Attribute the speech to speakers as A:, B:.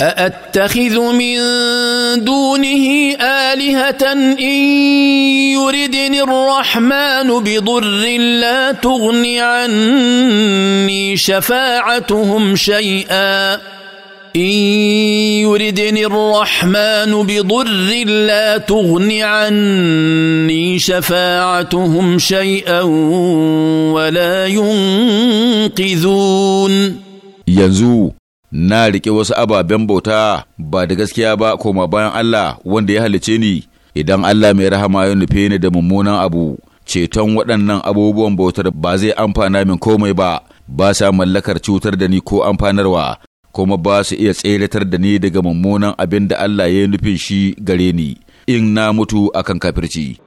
A: أأتخذ من دونه آلهة إن يردني الرحمن بضر لا تغن عني شفاعتهم شيئا إن يردني الرحمن بضر لا تغن عني شفاعتهم شيئا ولا ينقذون
B: يزوق na riƙe wasu ababen bauta ba da gaskiya ba koma bayan Allah wanda ya halice ni idan Allah mai rahama ya nufe ni da mummunan abu ceton waɗannan abubuwan bautar ba zai amfana min komai ba ba sa mallakar cutar da ni ko amfanarwa kuma ba su iya tseratar
C: da ni daga mummunan abin da Allah ya nufin shi gare ni in na mutu akan kafirci